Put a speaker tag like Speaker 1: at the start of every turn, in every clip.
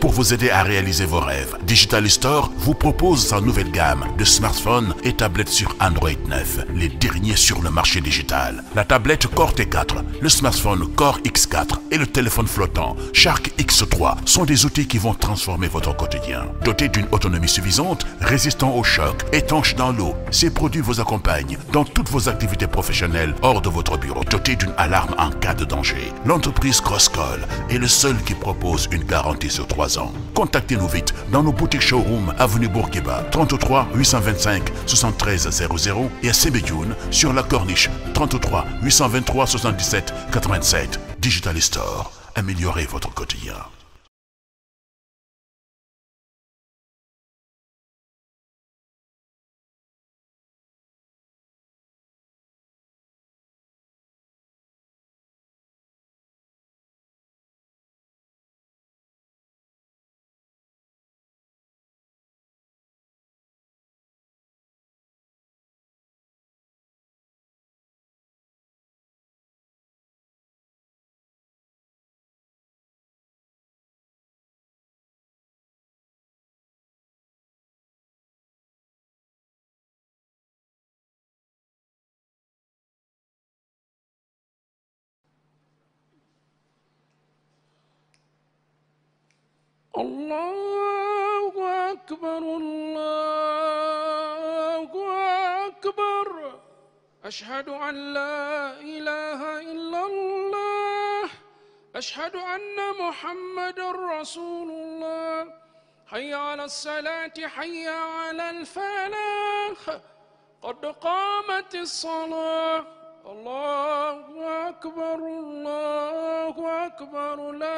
Speaker 1: pour vous aider à réaliser vos rêves. Digital Store vous propose sa nouvelle gamme de smartphones et tablettes sur Android les derniers sur le marché digital. La tablette Core T4, le smartphone Core X4 et le téléphone flottant Shark X3 sont des outils qui vont transformer votre quotidien. Dotés d'une autonomie suffisante, résistant aux chocs, étanches dans l'eau, ces produits vous accompagnent dans toutes vos activités professionnelles hors de votre bureau. 33 ans. Contactez-nous vite dans nos boutiques showroom avenue Bourguiba 33 825 73 00 et à Sébédioune sur la Corniche 33 823 77 87 Digital Store. Améliorez votre quotidien.
Speaker 2: الله أكبر الله أكبر أشهد أن لا إله إلا الله أشهد أن محمد رسول الله حي على الصلاة حي على الفلاح قد قامت الصلاة الله أكبر الله أكبر لا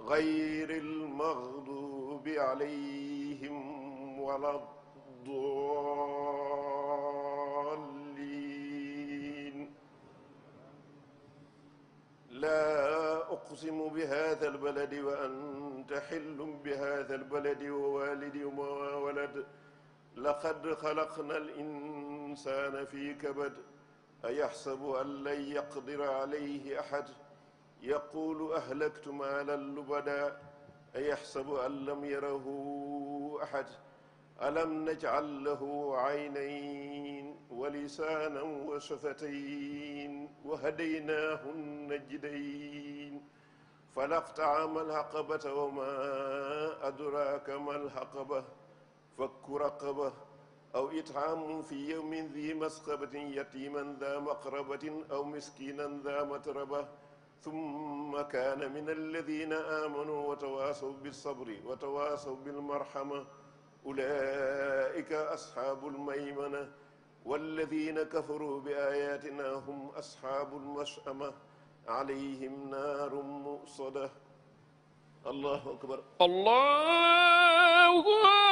Speaker 3: غير المغضوب عليهم ولا الضالين لا أقسم بهذا البلد وأنت حل بهذا البلد ووالد وما ولد لقد خلقنا الإنسان في كبد أيحسب أن لن يقدر عليه أحد يقول أهلكت مالا لبدا أيحسب أن لم يره أحد ألم نجعل له عينين ولسانا وشفتين وهديناه النجدين فلاقتع ما العقبة وما أدراك ما العقبة فك رقبة أو إطعام في يوم ذي مسقبة يتيما ذا مقربة أو مسكينا ذا متربة ثم كان من الذين آمنوا وتواصوا بالصبر وتواصوا بالمرحمة أولئك أصحاب الميمنة والذين كفروا بآياتنا هم أصحاب المشأمة عليهم نار مؤصدة الله أكبر
Speaker 2: الله أكبر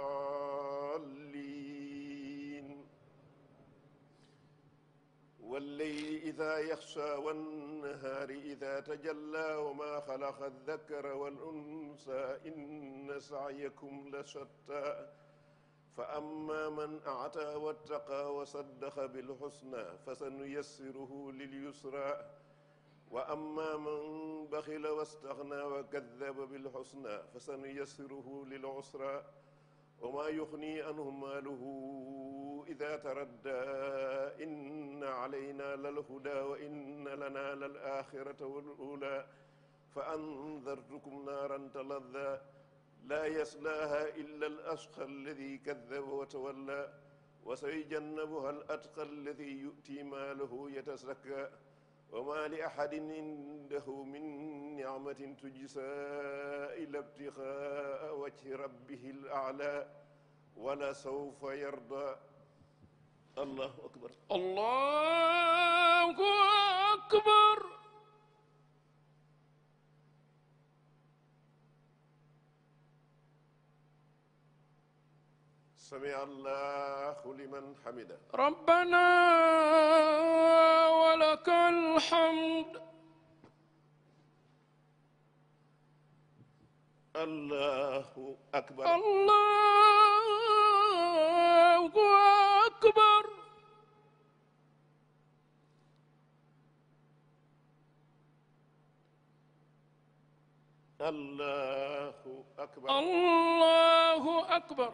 Speaker 3: إذا يخشى والنهار إذا تجلى وما خلق الذكر والأنثى إن سعيكم لشتى فأما من أعتى واتقى وصدق بالحسنى فسنيسره لليسرى وأما من بخل واستغنى وكذب بالحسنى فسنيسره للعسرى wa maa yuxni anhu maaluhu ida taradda inna alayna lal huda wa inna lana lal axirata wal ula fa andartukum naaran taladda
Speaker 4: laa yaslaaha
Speaker 3: illa al asqa alladi kadaba wa tawalla wa sayujannabuha al atqa alladi yu'ti maalahu yatasakka wa ma li ahadin indahu min ni'matin tujzaa illa ibtighaa wajhi rabbihi al-a'laa wa la sawfa yardaa allahu akbar
Speaker 2: allahu akbar
Speaker 3: sami'a allahu liman hamidah
Speaker 2: rabbana ولك الحمد
Speaker 3: الله أكبر الله
Speaker 2: أكبر
Speaker 3: الله أكبر
Speaker 2: الله أكبر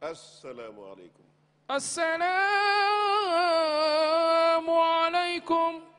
Speaker 3: asalaamu aleykum
Speaker 2: asalaamu aleykum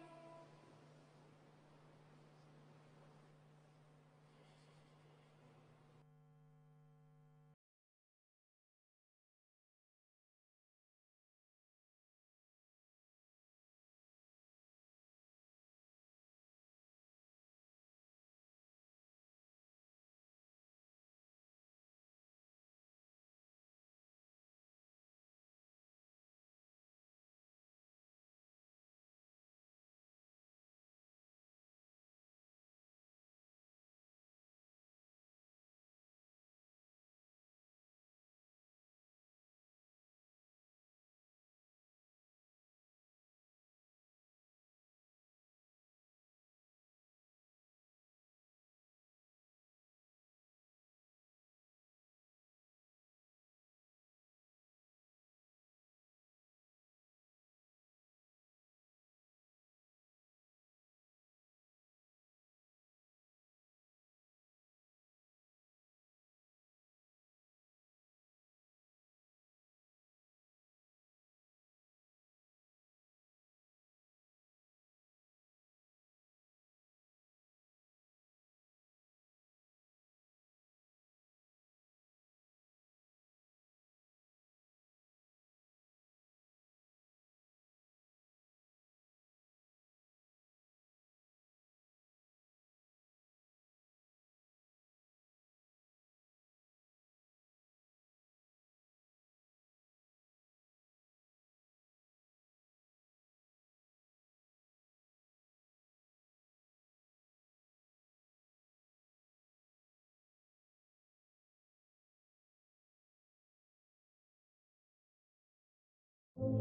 Speaker 1: gannaaw bañ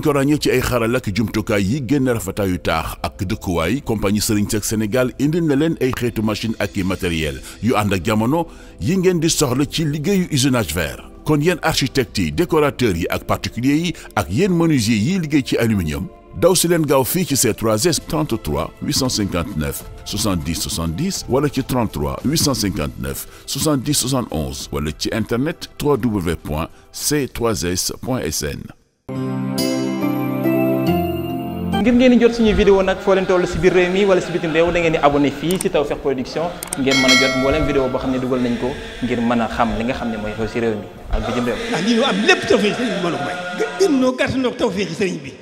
Speaker 1: ko ràññee ci ay xaral ak jumtukaay yi génn rafetaayu taax ak dëkkuwaay compagnie Serigne Seck Sénégal indil na leen ay xeetu machine ak i matériel yu ànd ak jamono yi ngeen di soxla ci liggéeyu usinage verre kon yenn architecte yi décorateur yi ak particulier yi ak yenn menuisier yiy liggéey ci aluminium daw si leen gaaw fii ci ces 3S 33 859 70 70 wala ci 33 859 70 71 wala ci internet www.c3s.sn.
Speaker 4: ngir ngeen di jot suñu vidéo nag foo leen toll si biir réew mi wala si bitim réew da ngeen di abonné fii si Tawfekh Production ngeen mën a jot mboolem vidéo boo xam ne dugal nañ ko ngir mën a xam li nga xam ne mooy xew si réew mi ak bitim réew. ndax ah, lii am lépp Tawfekh sëriñ sëriñ bi.